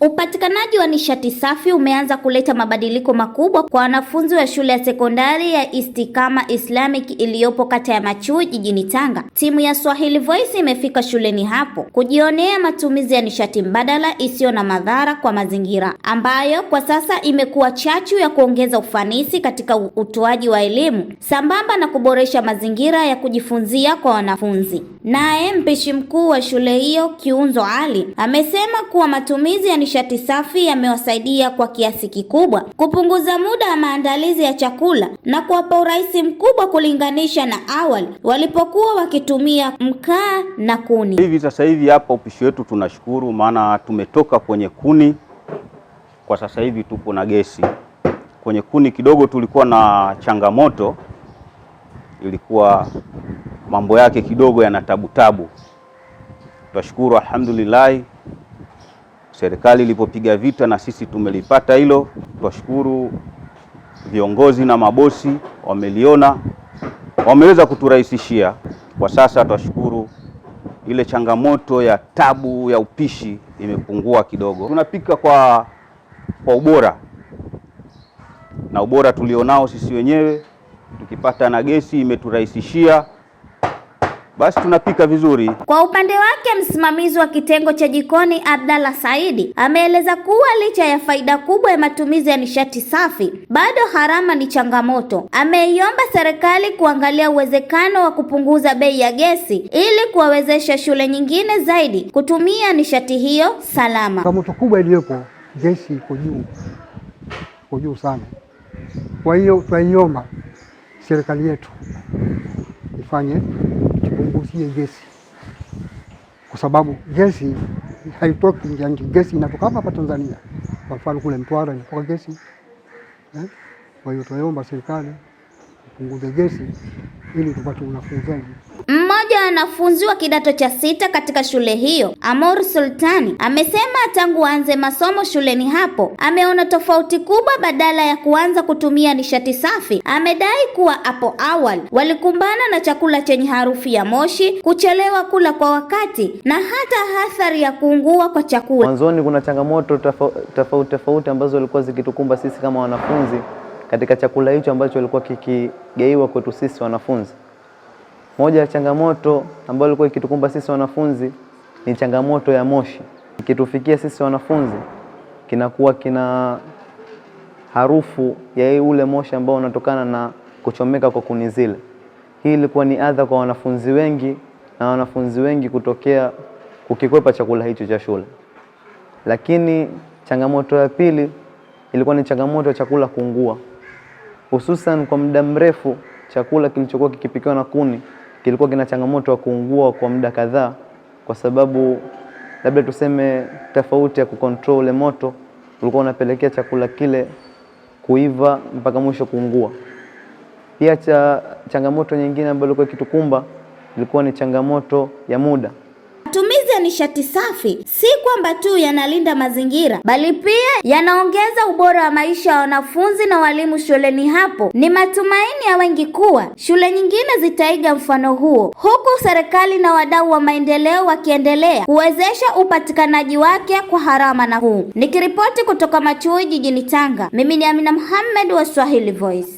Upatikanaji wa nishati safi umeanza kuleta mabadiliko makubwa kwa wanafunzi wa shule ya sekondari ya Istikama Islamic iliyopo kata ya Machui jijini Tanga. Timu ya Swahili Voice imefika shuleni hapo kujionea matumizi ya nishati mbadala isiyo na madhara kwa mazingira, ambayo kwa sasa imekuwa chachu ya kuongeza ufanisi katika utoaji wa elimu sambamba na kuboresha mazingira ya kujifunzia kwa wanafunzi. Naye mpishi mkuu wa shule hiyo Kiunzo Ali amesema kuwa matumizi ya nishati safi yamewasaidia kwa kiasi kikubwa kupunguza muda wa maandalizi ya chakula na kuwapa urahisi mkubwa kulinganisha na awali walipokuwa wakitumia mkaa na kuni. Hivi sasa hivi hapa upishi wetu tunashukuru, maana tumetoka kwenye kuni, kwa sasa hivi tupo na gesi. Kwenye kuni kidogo tulikuwa na changamoto, ilikuwa mambo yake kidogo yana tabutabu. Tunashukuru alhamdulillah, serikali ilipopiga vita na sisi tumelipata hilo. Twashukuru viongozi na mabosi wameliona, wameweza kuturahisishia. Kwa sasa twashukuru ile changamoto ya tabu ya upishi imepungua kidogo, tunapika kwa, kwa ubora na ubora tulionao sisi wenyewe. Tukipata na gesi imeturahisishia basi tunapika vizuri. Kwa upande wake, msimamizi wa kitengo cha jikoni Abdalla Saidi ameeleza kuwa licha ya faida kubwa ya matumizi ya nishati safi, bado gharama ni changamoto. Ameiomba serikali kuangalia uwezekano wa kupunguza bei ya gesi ili kuwawezesha shule nyingine zaidi kutumia nishati hiyo salama. Changamoto kubwa iliyopo, gesi iko juu, iko juu sana. Kwa hiyo tunaiomba serikali yetu ifanye usipunguzie gesi, kwa sababu gesi haitoki nje gesi inatoka hapa hapa Tanzania. Kwa mfano kule Mtwara inatoka gesi eh? Kwa hiyo tunaomba serikali ipunguze gesi ili tupate unafuu zaidi mmoja wa wanafunzi wa kidato cha sita katika shule hiyo, Amor Sultani, amesema tangu aanze masomo shuleni hapo ameona tofauti kubwa badala ya kuanza kutumia nishati safi. Amedai kuwa hapo awali walikumbana na chakula chenye harufu ya moshi, kuchelewa kula kwa wakati na hata athari ya kuungua kwa chakula. Mwanzoni kuna changamoto tofauti tofauti ambazo zilikuwa zikitukumba sisi kama wanafunzi katika chakula hicho ambacho ilikuwa kikigeiwa kwetu sisi wanafunzi. Moja ya changamoto ambayo ilikuwa ikitukumba sisi wanafunzi ni changamoto ya moshi. Ikitufikia sisi wanafunzi, kinakuwa kina harufu ya ule moshi ambao unatokana na kuchomeka kwa kuni zile. Hii ilikuwa ni adha kwa wanafunzi wengi, na wanafunzi wengi kutokea kukikwepa chakula hicho cha shule. Lakini changamoto ya pili ilikuwa ni changamoto ya chakula kuungua, hususan kwa muda mrefu chakula kilichokuwa kikipikiwa na kuni kilikuwa kina changamoto ya kuungua kwa muda kadhaa, kwa sababu labda tuseme tofauti ya kucontrol ule moto ulikuwa unapelekea chakula kile kuiva mpaka mwisho kuungua. Pia cha changamoto nyingine ambayo ilikuwa ikitukumba ilikuwa ni changamoto ya muda nishati safi si kwamba tu yanalinda mazingira, bali pia yanaongeza ubora wa maisha ya wanafunzi na walimu shuleni hapo. Ni matumaini ya wengi kuwa shule nyingine zitaiga mfano huo, huku serikali na wadau wa maendeleo wakiendelea kuwezesha upatikanaji wake kwa harama huu Nikiripoti kutoka Machui jijini Tanga, mimi ni Amina Muhammad wa Swahili Voice.